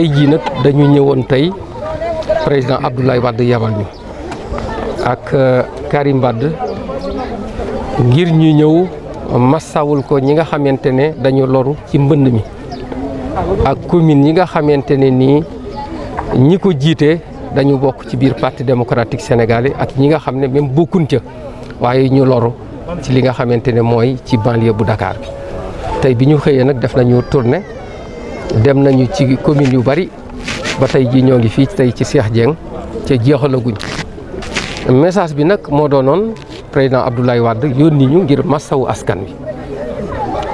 tey jii nag dañu ñëwoon tey président Abdoulaye Wade yabal ñu ak euh, Karim Wade ngir ñu ñëw massawul ko ñi nga xamante ne dañu loru ci mbënd mi ak commune yi nga xamante ne nii ñi ko jiite dañu bokk ci biir parti démocratique sénégalais ak ñi nga xam ne même bokkun ca waaye ñu loru ci li nga xamante ne mooy ci banlieue bu dakaar bi tey bi ñu xëyee nag def nañu tournée. dem nañu ci commune yu bari ba tey jii ñoo ngi fii tey ci Cheikh Dieng ca jeexalaguñ message bi nag moo doonoon président Abdoulaye Wade yónni ñu ngir massawu askan wi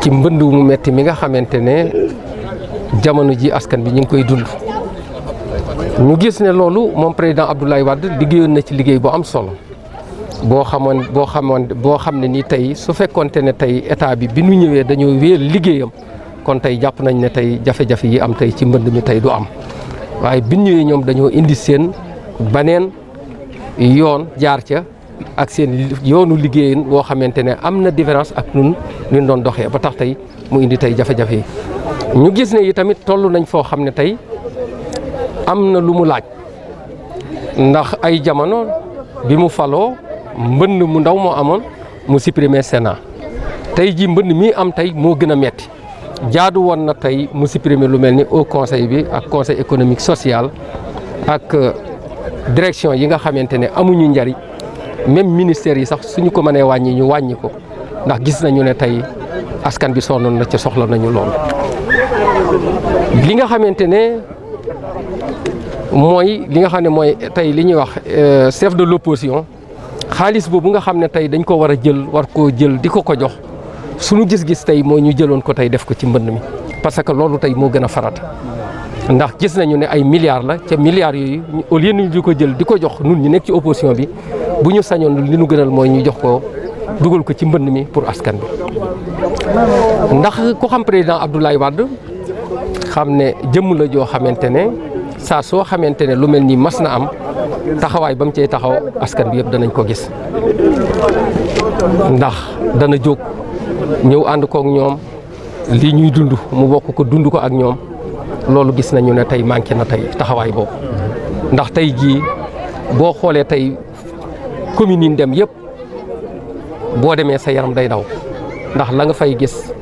ci mbënd mu metti mi nga xamante ne jamono ji askan bi ñu ngi koy dund. ñu gis ne loolu moom président Abdoulaye Wade liggéeyoon na ci liggéey bu am solo boo xamoon boo xamoon boo xam ne ni tey su fekkonte ne tey état bi bi nu ñëwee dañoo wéyal liggéeyam. kon tey jàpp nañ ne tey jafe-jafe yi am tey ci mbënd mi tey du am waaye bin ñëwee ñoom dañoo indi seen baneen yoon jaar ca ak seen yoonu liggéeyin woo xamante ne am na différence ak nun ñu doon doxee ba tax tey mu indi tey jafe-jafe yi ñu gis ne yi tamit toll nañ foo xam ne tey am na lu mu laaj ndax ay jamono bi mu faloo mbënn mu ndaw moo amoon mu supprimer Sénat tey ji mbënd mii am tey moo gën a metti jaadu woon na tey mu supprimer lu mel ni au conseil bi ak conseil économique social ak euh, direction yi nga xamante ne amuñu njariñ même ministères yi sax suñu ko mënee wàññi ñu wàññi ko ndax gis nañu ne tey askan bi sonnoon na ci soxla nañu lool. li nga xamante ne mooy li nga xam ne mooy tey li ñuy wax euh, chef de l'opposition xaalis boobu nga xam ne tey dañ ko war a jël war koo jël di ko ko jox. suñu gis-gis tey mooy ñu jëloon ko tey def ko ci mbënd mi parce que loolu tey moo gën a farata ndax gis nañu ne ay milliards la ca milliards yooyu au lieu ñu di ko jël di ko jox nun ñu nekk ci opposition bi bu ñu sañoon li nu gënal mooy ñu jox ko dugal ko ci mbënd mi pour askan bi. ndax ku xam président Abdoulaye Wade xam ne jëmm la joo xamante ne saa soo xamante ne lu mel nii mas na am taxawaay ba mu cay taxaw askan bi yëpp danañ ko gis ndax dana jóg. ñëw ànd kook ñoom lii ñuy dund mu bokk ko dund ko ak ñoom loolu gis nañu ne tey manqué na tey taxawaay boobu ndax tey jii boo xoolee tey communes yi dem yëpp boo demee sa yaram day daw ndax la nga fay gis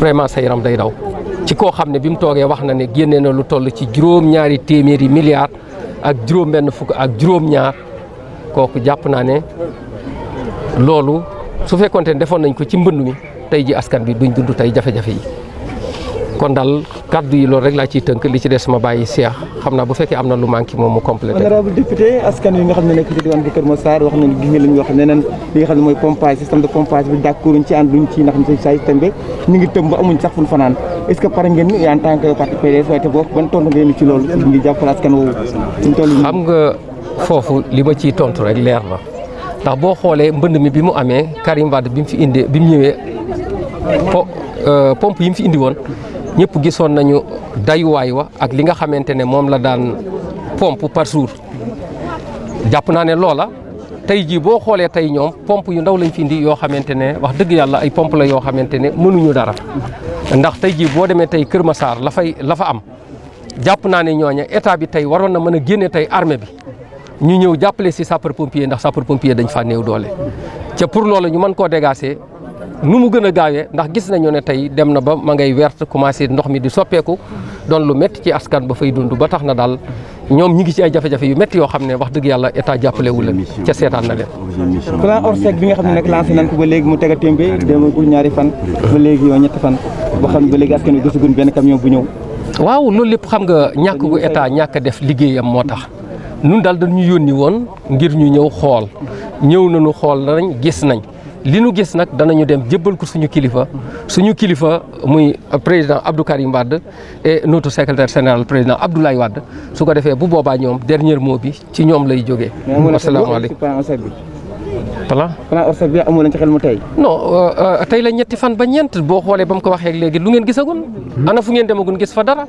vraiment sa yaram day daw ci koo xam ne bi mu toogee wax na ne génne na lu toll ci juróom-ñaari téeméeri milliards ak juróom benn fukk ak juróom-ñaar kooku jàpp naa ne loolu su fekkoonte ne defoon nañ ko ci mbënd mi tey ji askan bi duñ dund tey jafe-jafe yi kon daal kaddu yi loolu rek laa ciy tënk li ci des ma bàyyi Cheikh xam naa bu fekkee am na lu manqué moom mu complété. honorable député askan wi nga xam ne nekk ci diwaan bi wax nañu gis nga neneen li nga xam ne mooy pompage système de pompage bi d'accord ñu ci ànd duñ ci ndax ñu say tembe ñu ngi tëmb amuñ sax fuñ fanaan est pare ngeen en tant que parti PDS waaye te boobu ban tontu ngeen ci loolu ngi nga foofu li ma ciy tontu rek leer na. ndax boo xoolee mbënn mi bi mu amee Karim bi mu fi indi bi mu ñëwee po euh, pompe yi mu fi indi woon ñëpp gisoon nañu dayuwaay wa ak li nga xamante ne moom la daan pompe par jour jàpp naa ne loola tey jii boo xoolee tey ñoom pompe yu ndaw lañ fi indi yoo xamante ne wax dëgg yàlla ay pompe la yoo xamante ne mënuñu dara ndax tey jii boo demee tey Kër Massar la fay la fa am jàpp naa ne ñooña état bi tey waroon na mën a génne tey armee bi ñu ñëw jàppale si sapeur pompier ndax sapeur pompier dañ faa néew doole ca pour loolu ñu man koo dégager nu mu gën a gaawee ndax gis nañu ne tey dem na ba ma ngay werte commencé ndox mi di soppeeku doon lu métti ci askan ba fay dund ba tax na daal ñoom ñi ngi ci ay jafe-jafe yu métti yoo xam ne wax dëgg yàlla état jàppalewu wu leen ca seetaan na leen. plan Orsec bi nga xam ne nag lancé nañ ko ba léegi mu teg a témbe demagul ñaari fan ba léegi yoo fan boo xam ne ba léegi askan wi gisaguñ ñëw. waaw loolu lépp xam nga ñàkk bu état ñàkk def liggéeyam moo tax nun daal dañu yónni woon ngir ñu ñëw xool ñëw na nañu xool nañ gis nañ li nu gis nag danañu dem jëbbal ko suñu kilifa suñu kilifa muy président Abdou Karim Wade et notre secrétaire général président Abdoulaye Wade su ko defee bu boobaa ñoom dernier moo bi ci ñoom lay jógee. asalaamaaleykum voilà. plan ORSEC bi amoo leen ci xel mu tey. non euh, euh, tey la ñetti fan ba ñeent boo xoolee ba mu ko waxee léegi lu ngeen gisagun. Hmm? ana fu ngeen demagun gis fa dara.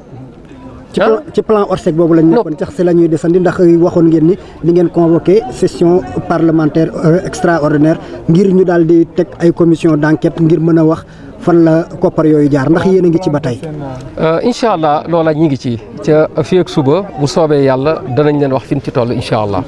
Ah? ci plan Orsec boobu lañ nekkoon sax si la ñuy desandi ndax euh, waxoon ngeen ni di ngeen convoqué session parlementaire euh, extraordinaire ngir ñu daal di teg ay commission d'enquête ngir mën a wax fan la koppar yooyu jaar ndax yéen a ngi ci ba tey. Euh, incha allah loola ñu ngi ci ca fii suba bu soobee yàlla danañ leen wax fi ñu ci toll incha allah.